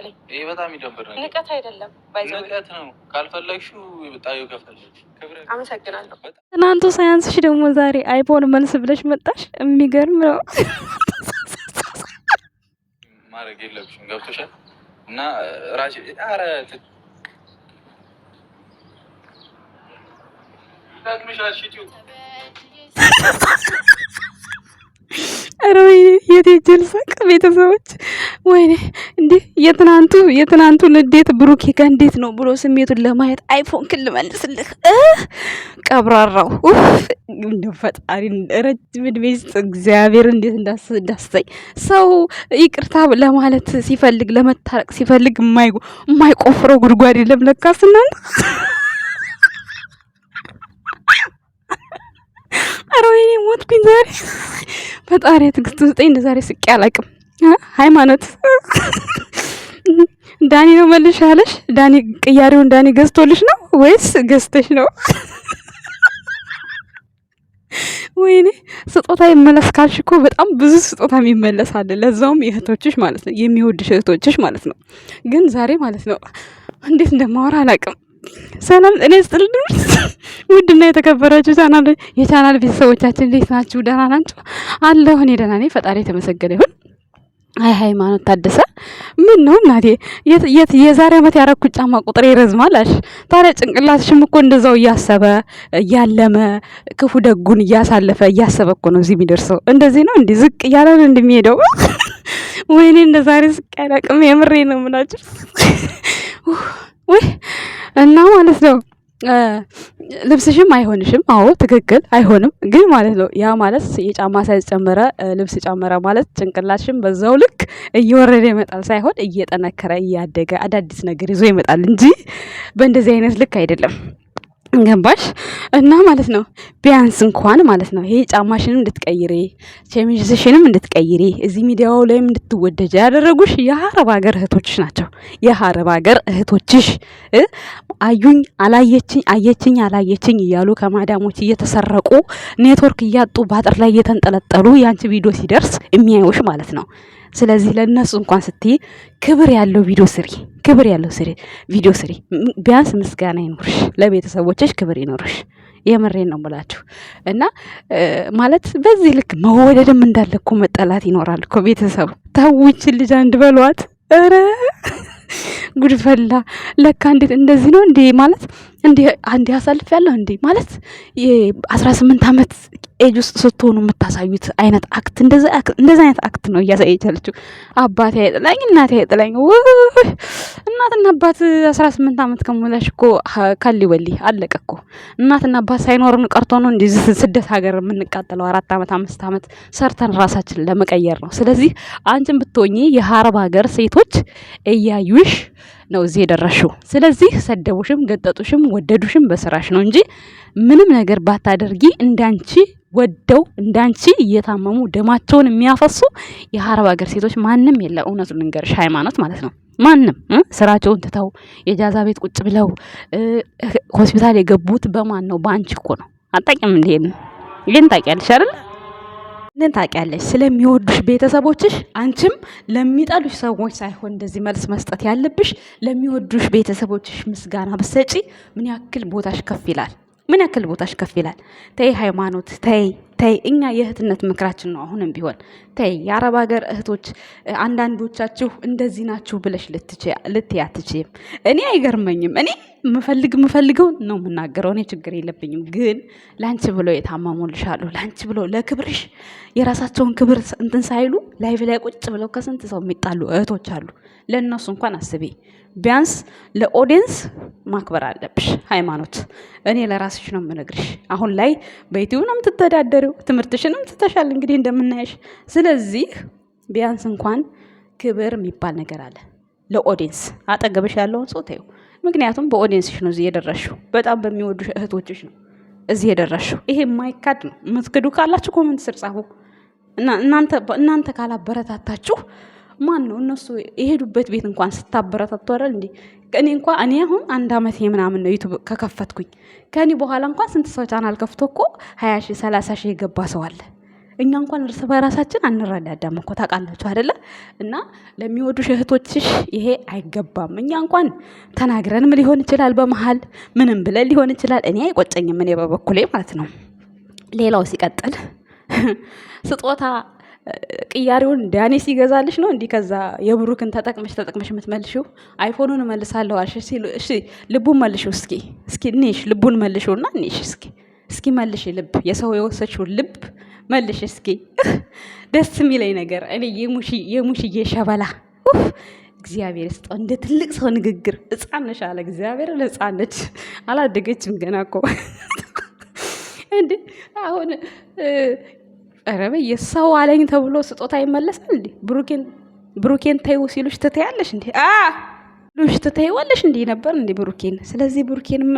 በለኝ። ይህ በጣም ይደብር ነው። ንቀት አይደለም ንቀት ነው። ካልፈለግሽው ጣዩ አመሰግናለሁ። ትናንቱ ሳያንስሽ ደግሞ ዛሬ አይፎን መልስ ብለሽ መጣሽ። የሚገርም ነው። ማድረግ የለብሽም ገብቶሻል። እና ራሽ ኧረ ወይኔ የት ሳቅ ቤተሰቦች፣ ወይኔ እንዴ! የትናንቱ የትናንቱ ንዴት ብሩኬ ጋር እንዴት ነው ብሎ ስሜቱን ለማየት አይፎን ክል መልስልህ ቀብራራው እንደ ፈጣሪ ረጅም ዕድሜ ይስጥ እግዚአብሔር። እንዴት እንዳስሰኝ ሰው ይቅርታ ለማለት ሲፈልግ ለመታረቅ ሲፈልግ የማይቆፍረው ጉድጓድ የለም ለካስ እናንተ ኧረ ወይኔ ሞትኩኝ ዛሬ። ፈጣሪ ትግስት ውስጥ እንደ ዛሬ ስቄ አላቅም። ሃይማኖት ዳኒ ነው መልሽ ያለሽ። ዳኒ ቅያሬውን ዳኒ ገዝቶልሽ ነው ወይስ ገዝተሽ ነው? ወይኔ ስጦታ ይመለስ ካልሽ እኮ በጣም ብዙ ስጦታ የሚመለስ አለ። ለዛውም እህቶችሽ ማለት ነው የሚወድሽ እህቶችሽ ማለት ነው። ግን ዛሬ ማለት ነው እንዴት እንደማወራ አላቅም። ሰላም ጤና ይስጥልን። ውድና የተከበራችሁ ቻናል የቻናል ቤተሰቦቻችን እንዴት ናችሁ? ደህና ናችሁ? አለሁ እኔ ደህና ነኝ፣ ፈጣሪ የተመሰገነ ይሁን። አይ ሃይማኖት ታደሰ ምን ነው እናቴ፣ የዛሬ ዓመት ያረኩት ጫማ ቁጥር ይረዝማል አልሽ። ታዲያ ጭንቅላትሽም እኮ እንደዛው እያሰበ እያለመ ክፉ ደጉን እያሳለፈ እያሰበ እኮ ነው እዚህ የሚደርሰው። እንደዚህ ነው እንዲህ ዝቅ እያለን እንደሚሄደው። ወይኔ እንደ ዛሬ ዝቅ ያላቅም። የምሬ ነው የምላችሁ ውይ እና ማለት ነው ልብስሽም አይሆንሽም። አዎ ትክክል አይሆንም፣ ግን ማለት ነው ያ ማለት የጫማ ሳይዝ ጨመረ፣ ልብስ ጨመረ ማለት ጭንቅላትሽም በዛው ልክ እየወረደ ይመጣል ሳይሆን እየጠነከረ እያደገ አዳዲስ ነገር ይዞ ይመጣል እንጂ በእንደዚህ አይነት ልክ አይደለም። ገባሽ እና ማለት ነው ቢያንስ እንኳን ማለት ነው ይሄ ጫማሽንም እንድትቀይሪ ቸሚዝሽንም እንድትቀይሪ እዚህ ሚዲያው ላይም እንድትወደጀ ያደረጉሽ የሀረብ ሀገር እህቶችሽ ናቸው። የሀረብ ሀገር እህቶችሽ አዩኝ አላየችኝ አየችኝ አላየችኝ እያሉ ከማዳሞች እየተሰረቁ ኔትወርክ እያጡ በአጥር ላይ እየተንጠለጠሉ የአንቺ ቪዲዮ ሲደርስ የሚያዩሽ ማለት ነው። ስለዚህ ለእነሱ እንኳን ስትይ ክብር ያለው ቪዲዮ ስሪ፣ ክብር ያለው ስሪ ቪዲዮ ስሪ። ቢያንስ ምስጋና ይኖርሽ፣ ለቤተሰቦችሽ ክብር ይኖርሽ። የምሬን ነው ብላችሁ እና ማለት በዚህ ልክ መወደድም እንዳለ እኮ መጠላት ይኖራል እኮ ቤተሰብ። ታውችን ልጅ አንድ በሏት። ኧረ ጉድፈላ ለካ እንዴት እንደዚህ ነው እንዴ ማለት እንዲህ አሳልፍ ያለሁ እንዲ ማለት አስራ ስምንት ዓመት ኤጅ ውስጥ ስትሆኑ የምታሳዩት አይነት አክት እንደዚ አይነት አክት ነው እያሳየች ያለችው። አባቴ አይጥላኝ እናቴ አይጥላኝ። እናትና አባት አስራ ስምንት ዓመት ከሞላሽ እኮ ካሊ ወሊ አለቀ እኮ። እናትና አባት ሳይኖርን ቀርቶ ነው እንዲ ስደት ሀገር የምንቃጠለው አራት ዓመት አምስት ዓመት ሰርተን ራሳችን ለመቀየር ነው። ስለዚህ አንቺን ብትሆኚ የሀረብ ሀገር ሴቶች እያዩሽ ነው እዚህ የደረሽው። ስለዚህ ሰደቡሽም፣ ገጠጡሽም፣ ወደዱሽም በስራሽ ነው እንጂ ምንም ነገር ባታደርጊ እንዳንቺ ወደው እንዳንቺ እየታመሙ ደማቸውን የሚያፈሱ የአረብ ሀገር ሴቶች ማንም የለ። እውነቱ ልንገርሽ፣ ሃይማኖት ማለት ነው ማንም ስራቸውን ትተው የጃዛ ቤት ቁጭ ብለው ሆስፒታል የገቡት በማን ነው? በአንቺ እኮ ነው። አጣቂም እንዲሄድ ግን ታውቂያለሽ አይደል? ምን ታውቂያለሽ? ስለሚወዱሽ ቤተሰቦችሽ፣ አንቺም ለሚጠሉሽ ሰዎች ሳይሆን እንደዚህ መልስ መስጠት ያለብሽ ለሚወዱሽ ቤተሰቦችሽ ምስጋና ብትሰጪ ምን ያክል ቦታሽ ከፍ ይላል። ምን ያክል ቦታሽ ከፍ ይላል። ተይ ሃይማኖት፣ ተይ ተይ እኛ የእህትነት ምክራችን ነው። አሁንም ቢሆን ተይ የአረብ ሀገር እህቶች አንዳንዶቻችሁ እንደዚህ ናችሁ ብለሽ ልትያ አትችይም። እኔ አይገርመኝም። እኔ ምፈልግ ምፈልገውን ነው የምናገረው። እኔ ችግር የለብኝም። ግን ላንቺ ብለው የታመሙልሻሉ። ላንቺ ብለው ለክብርሽ የራሳቸውን ክብር እንትን ሳይሉ ላይ ላይ ቁጭ ብለው ከስንት ሰው የሚጣሉ እህቶች አሉ። ለእነሱ እንኳን አስቢ። ቢያንስ ለኦዲየንስ ማክበር አለብሽ ሃይማኖት። እኔ ለራስሽ ነው የምነግርሽ። አሁን ላይ በዩቲዩብ ነው የምትተዳደሪው፣ ትምህርትሽንም ትተሻል እንግዲህ እንደምናየሽ። ስለዚህ ቢያንስ እንኳን ክብር የሚባል ነገር አለ ለኦዲየንስ። አጠገብሽ ያለውን ሰው ተይው። ምክንያቱም በኦዲየንስሽ ነው እዚህ የደረሽው፣ በጣም በሚወዱ እህቶችሽ ነው እዚህ የደረሽው። ይሄ የማይካድ ነው። የምትክዱ ካላችሁ ኮመንት ስር ጻፉ። እናንተ ካላበረታታችሁ ማን ነው እነሱ የሄዱበት ቤት እንኳን ስታበረታቱ አይደል እንዴ? እኔ እንኳ እኔ አሁን አንድ አመት ምናምን ነው ዩቱብ ከከፈትኩኝ። ከእኔ በኋላ እንኳን ስንት ሰው ቻናል ከፍቶ እኮ ሀያ ሺህ ሰላሳ ሺ የገባ ሰው አለ። እኛ እንኳን እርስ በራሳችን አንረዳዳም እኮ ታውቃላችሁ አይደለ? እና ለሚወዱ እህቶችሽ ይሄ አይገባም። እኛ እንኳን ተናግረንም ሊሆን ይችላል፣ በመሀል ምንም ብለን ሊሆን ይችላል። እኔ አይቆጨኝም፣ እኔ በበኩሌ ማለት ነው። ሌላው ሲቀጥል ስጦታ ቅያሬውን ዳኔ ሲገዛልሽ ነው እንዲህ። ከዛ የብሩክን ተጠቅመሽ ተጠቅመሽ የምትመልሽው? አይፎኑን እመልሳለሁ አልሽ። እሺ ልቡን መልሽው እስኪ እስኪ እኒሽ ልቡን መልሺው እና እኒሽ እስኪ እስኪ መልሽ ልብ የሰው የወሰችው ልብ መልሽ እስኪ። ደስ የሚለኝ ነገር እኔ የሙሽዬ ሸበላ እግዚአብሔር ይስጠው። እንደ ትልቅ ሰው ንግግር ሕፃን አለ እግዚአብሔር። ሕፃን አላደገችም ገና እኮ እንዴ አሁን ኧረ በይ የሰው አለኝ ተብሎ ስጦታ ይመለሳል እንዴ? ብሩኬን ብሩኬን ተይው ሲሉሽ ትተያለሽ እንዴ? አ ሉሽ ትተይዋለሽ እንዴ ነበር እንዴ ብሩኬን? ስለዚህ ብሩኬንም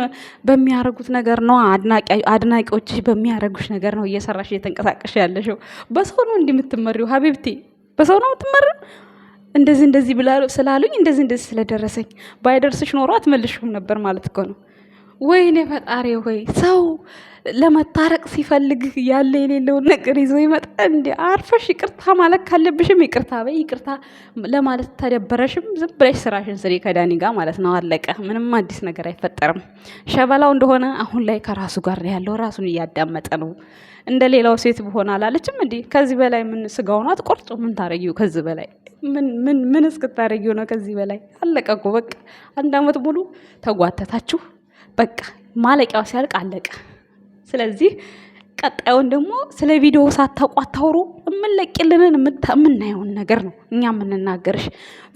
በሚያረጉት ነገር ነው አድናቂ አድናቂዎችሽ በሚያረጉሽ ነገር ነው እየሰራሽ እየተንቀሳቀሽ ያለሽው። በሰው ነው እንዲህ የምትመሪው ሀቢብቲ? በሰው ነው የምትመሪው? እንደዚህ እንደዚህ ብላሉ ስላሉኝ እንደዚህ እንደዚህ ስለደረሰኝ ባይደርስሽ ኖሮ አትመልሽውም ነበር ማለት እኮ ነው። ወይኔ ፈጣሪ ሆይ ሰው ለመታረቅ ሲፈልግ ያለ የሌለውን ነገር ይዞ ይመጣ። እንዲ አርፈሽ ይቅርታ ማለት ካለብሽም ይቅርታ በይ። ይቅርታ ለማለት ተደበረሽም ዝም ብለሽ ስራሽን ስሪ ከዳኒ ጋር ማለት ነው። አለቀ። ምንም አዲስ ነገር አይፈጠርም። ሸበላው እንደሆነ አሁን ላይ ከራሱ ጋር ያለው ራሱን እያዳመጠ ነው። እንደ ሌላው ሴት ብሆን አላለችም። እንዲ ከዚህ በላይ ምን ስጋውን አትቆርጡ። ምን ታረጊው ከዚህ በላይ ምን ምን ምን እስክታረጊው ነው ከዚህ በላይ? አለቀ እኮ በቃ። አንድ አመት ሙሉ ተጓተታችሁ በቃ ማለቂያው ሲያልቅ አለቀ። ስለዚህ ቀጣዩን ደግሞ ስለ ቪዲዮ ሳታውቁ አታውሩ። የምንለቅልንን የምናየውን ነገር ነው እኛ የምንናገርሽ።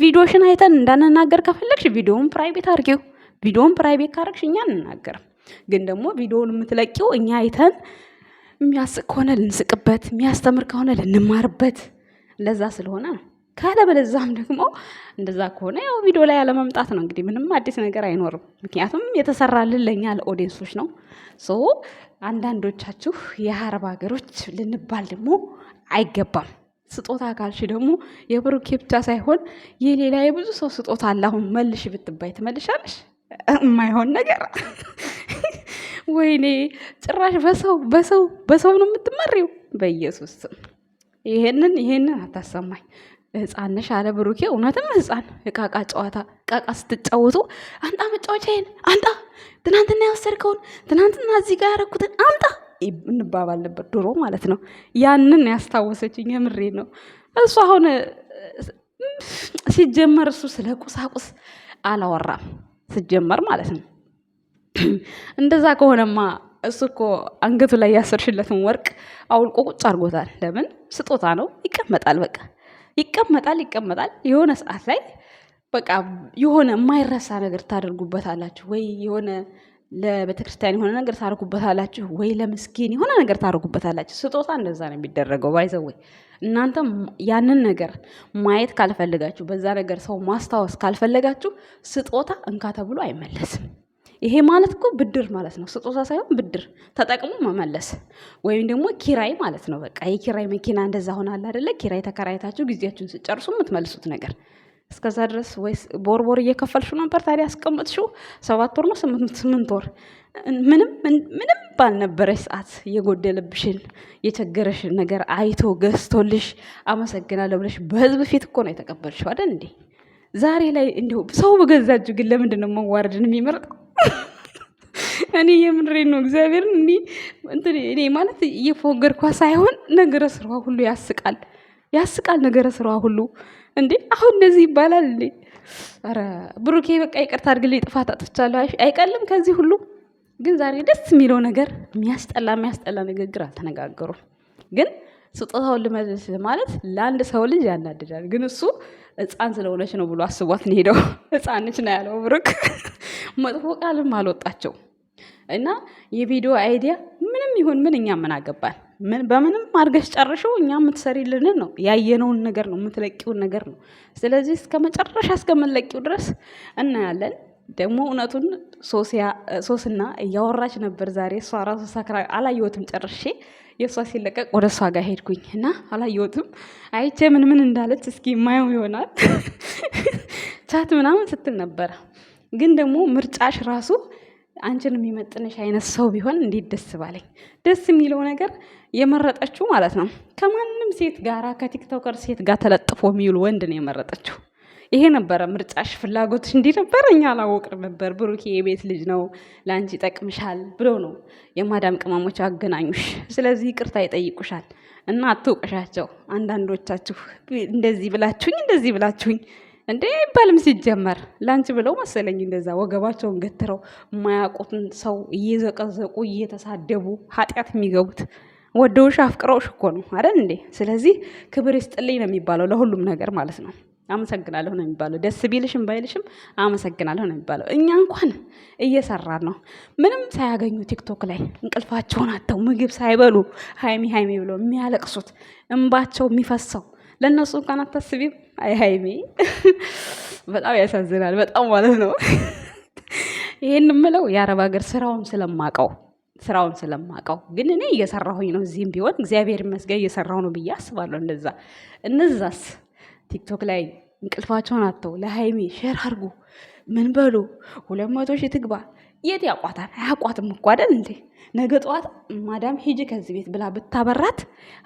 ቪዲዮሽን አይተን እንዳንናገር ከፈለግሽ ቪዲዮውን ፕራይቬት አድርጊው። ቪዲዮውን ፕራይቬት ካረግሽ እኛ እንናገርም። ግን ደግሞ ቪዲዮውን የምትለቂው እኛ አይተን የሚያስቅ ከሆነ ልንስቅበት፣ የሚያስተምር ከሆነ ልንማርበት፣ ለዛ ስለሆነ ነው። ካለበለዛም ደግሞ እንደዛ ከሆነ ያው ቪዲዮ ላይ ያለመምጣት ነው እንግዲህ ምንም አዲስ ነገር አይኖርም። ምክንያቱም የተሰራልን ለእኛ ለኦዲየንሶች ነው። ሶ አንዳንዶቻችሁ የአረብ ሀገሮች ልንባል ደግሞ አይገባም። ስጦታ ካልሽ ደግሞ የብሩኬ ብቻ ሳይሆን የሌላ የብዙ ሰው ስጦታ አለ። አሁን መልሽ ብትባይ ትመልሻለሽ? የማይሆን ነገር ወይኔ! ጭራሽ በሰው በሰው በሰው ነው የምትመሪው። በኢየሱስ ስም ይሄንን ይሄንን አታሰማኝ። ህፃን ነሽ አለ ብሩኬ። እውነትም ህፃን እቃቃ ጨዋታ እቃቃ ስትጫወቱ አንጣ መጫወቻዬን አንጣ፣ ትናንትና ያወሰድከውን ትናንትና እዚህ ጋር ያረኩትን አንጣ እንባባል ነበር ድሮ ማለት ነው። ያንን ያስታወሰችኝ የምሬ ነው። እሱ አሁን ሲጀመር እሱ ስለ ቁሳቁስ አላወራም ሲጀመር ማለት ነው። እንደዛ ከሆነማ እሱ እኮ አንገቱ ላይ ያሰርሽለትን ወርቅ አውልቆ ቁጭ አድርጎታል። ለምን ስጦታ ነው፣ ይቀመጣል በቃ ይቀመጣል ይቀመጣል። የሆነ ሰዓት ላይ በቃ የሆነ የማይረሳ ነገር ታደርጉበታላችሁ ወይ የሆነ ለቤተክርስቲያን የሆነ ነገር ታደርጉበታላችሁ ወይ ለምስኪን የሆነ ነገር ታደርጉበታላችሁ። ስጦታ እንደዛ ነው የሚደረገው። ወይ እናንተ ያንን ነገር ማየት ካልፈለጋችሁ፣ በዛ ነገር ሰው ማስታወስ ካልፈለጋችሁ ስጦታ እንካ ተብሎ አይመለስም። ይሄ ማለት እኮ ብድር ማለት ነው። ስጦታ ሳይሆን ብድር ተጠቅሞ መመለስ ወይም ደግሞ ኪራይ ማለት ነው። በቃ የኪራይ መኪና እንደዛ ሆናል አይደለ? ኪራይ ተከራይታችሁ ጊዜያችሁን ስጨርሱ የምትመልሱት ነገር። እስከዛ ድረስ ወይስ ቦርቦር እየከፈልሹ ነበር ታዲያ አስቀምጥሽው። ሰባት ወር ነው ስምንት ወር ምንም ባልነበረች ሰዓት የጎደለብሽን የቸገረሽን ነገር አይቶ ገዝቶልሽ አመሰግናለሁ ብለሽ በህዝብ ፊት እኮ ነው የተቀበልሽው አይደል እንዴ? ዛሬ ላይ እንዲሁ ሰው በገዛጁ ግን ለምንድን ነው መዋረድን የሚመርጠው? እኔ የምንሬ ነው እግዚአብሔር እንዲህ እንትን እኔ ማለት እየፎገርኳ ሳይሆን ነገረ ስራዋ ሁሉ ያስቃል ያስቃል ነገረ ስራዋ ሁሉ እንዴ አሁን እንደዚህ ይባላል እንዴ ኧረ ብሩኬ በቃ ይቅርታ አድርግልኝ ጥፋት አጥፍቻለሁ አይቀልም ከዚህ ሁሉ ግን ዛሬ ደስ የሚለው ነገር የሚያስጠላ የሚያስጠላ ንግግር አልተነጋገሩም ግን ስጦታውን ልመልስ ማለት ለአንድ ሰው ልጅ ያናድዳል። ግን እሱ ሕፃን ስለሆነች ነው ብሎ አስቧት ሄደው። ሕፃን ነው ያለው ብሩክ። መጥፎ ቃልም አልወጣቸው እና የቪዲዮ አይዲያ ምንም ይሁን ምን እኛ ምን አገባል? በምንም አድርገሽ ጨርሽው እኛ የምትሰሪልንን ነው ያየነውን ነገር ነው የምትለቂውን ነገር ነው። ስለዚህ እስከ መጨረሻ እስከምንለቂው ድረስ እናያለን። ደግሞ እውነቱን ሶስና እያወራች ነበር ዛሬ እሷ ራሱ ሳክራ አላየሁትም ጨርሼ የእሷ ሲለቀቅ ወደ እሷ ጋር ሄድኩኝ እና አላየሁትም። አይቼ ምን ምን እንዳለች እስኪ ማየው ይሆናል። ቻት ምናምን ስትል ነበረ። ግን ደግሞ ምርጫሽ ራሱ አንቺን የሚመጥንሽ አይነት ሰው ቢሆን እንዴት ደስ ባለኝ። ደስ የሚለው ነገር የመረጠችው ማለት ነው ከማንም ሴት ጋራ ከቲክቶከር ሴት ጋር ተለጥፎ የሚውል ወንድ ነው የመረጠችው። ይሄ ነበረ ምርጫሽ፣ ፍላጎትሽ እንዲህ ነበር፣ እኛ አላወቅንም ነበር። ብሩኬ የቤት ልጅ ነው፣ ለአንቺ ይጠቅምሻል ብሎ ነው የማዳም ቅመሞች አገናኙሽ። ስለዚህ ይቅርታ ይጠይቁሻል እና አትውቀሻቸው። አንዳንዶቻችሁ እንደዚህ ብላችሁኝ፣ እንደዚህ ብላችሁኝ እንዴ ይባልም ሲጀመር ላንቺ ብለው መሰለኝ እንደዛ ወገባቸውን ገትረው የማያውቁትን ሰው እየዘቀዘቁ እየተሳደቡ ኃጢአት የሚገቡት ወደውሽ አፍቅረውሽ እኮ ነው አይደል እንዴ? ስለዚህ ክብር ይስጥልኝ ነው የሚባለው ለሁሉም ነገር ማለት ነው። አመሰግናለሁ ነው የሚባለው። ደስ ቢልሽም ባይልሽም አመሰግናለሁ ነው የሚባለው። እኛ እንኳን እየሰራን ነው፣ ምንም ሳያገኙ ቲክቶክ ላይ እንቅልፋቸውን አተው ምግብ ሳይበሉ ሀይሚ ሀይሚ ብለው የሚያለቅሱት እንባቸው የሚፈሰው ለእነሱ እንኳን አታስቢም። አይ ሀይሚ በጣም ያሳዝናል፣ በጣም ማለት ነው። ይህን ምለው የአረብ ሀገር ስራውን ስለማቀው ስራውን ስለማቀው ግን እኔ እየሰራሁኝ ነው። እዚህም ቢሆን እግዚአብሔር ይመስገን እየሰራሁ ነው ብዬ አስባለሁ። እንደዛ እነዛስ ቲክቶክ ላይ እንቅልፋቸውን አተው ለሀይሚ ሼር አርጉ። ምን በሉ ሁለት መቶ ሺህ ትግባ። የት ያቋታል? አያቋትም እኮ አይደል እንዴ? ነገ ጠዋት ማዳም ሂጂ ከዚህ ቤት ብላ ብታበራት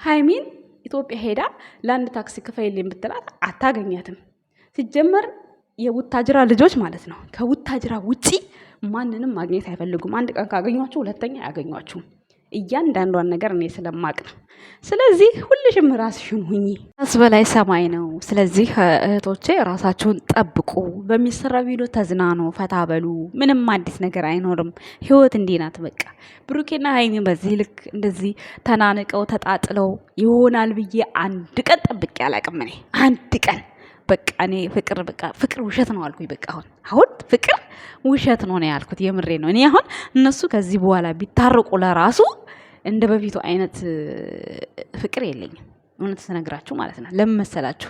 ሀይሚን ኢትዮጵያ ሄዳ ለአንድ ታክሲ ክፈይልኝ ብትላት አታገኛትም። ሲጀመር የውታጅራ ልጆች ማለት ነው ከውታጅራ ውጪ ማንንም ማግኘት አይፈልጉም። አንድ ቀን ካገኟቸው ሁለተኛ አያገኟችሁም። እያንዳንዷን ነገር እኔ ስለማቅ ነው። ስለዚህ ሁልሽም ራስሽን ሁኚ። ራስ በላይ ሰማይ ነው። ስለዚህ እህቶቼ ራሳችሁን ጠብቁ። በሚሰራ ቪዲዮ ተዝናኑ፣ ፈታ በሉ። ምንም አዲስ ነገር አይኖርም። ህይወት እንዲህ ናት። በቃ ብሩኬና ሀይሚ በዚህ ልክ እንደዚህ ተናንቀው ተጣጥለው ይሆናል ብዬ አንድ ቀን ጠብቄ አላቅም። እኔ አንድ ቀን በቃ እኔ ፍቅር በቃ ፍቅር ውሸት ነው አልኩኝ። በቃ አሁን አሁን ፍቅር ውሸት ነው ነው ያልኩት። የምሬ ነው። እኔ አሁን እነሱ ከዚህ በኋላ ቢታረቁ ለራሱ እንደ በፊቱ አይነት ፍቅር የለኝም። እውነት ስነግራችሁ ማለት ነው። ለምን መሰላችሁ?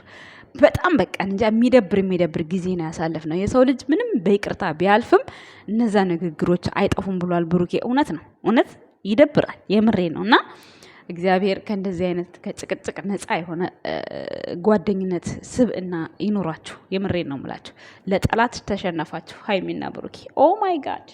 በጣም በቃ እንጃ የሚደብር የሚደብር ጊዜ ነው ያሳለፍ ነው። የሰው ልጅ ምንም በይቅርታ ቢያልፍም እነዛ ንግግሮች አይጠፉም ብሏል ብሩኬ። እውነት ነው፣ እውነት ይደብራል። የምሬ ነው እና እግዚአብሔር ከእንደዚህ አይነት ከጭቅጭቅ ነፃ የሆነ ጓደኝነት ስብዕና ይኑራችሁ። የምሬን ነው ምላችሁ ለጠላት ተሸነፋችሁ ሀይሚና ብሩኬ ኦ ማይ ጋድ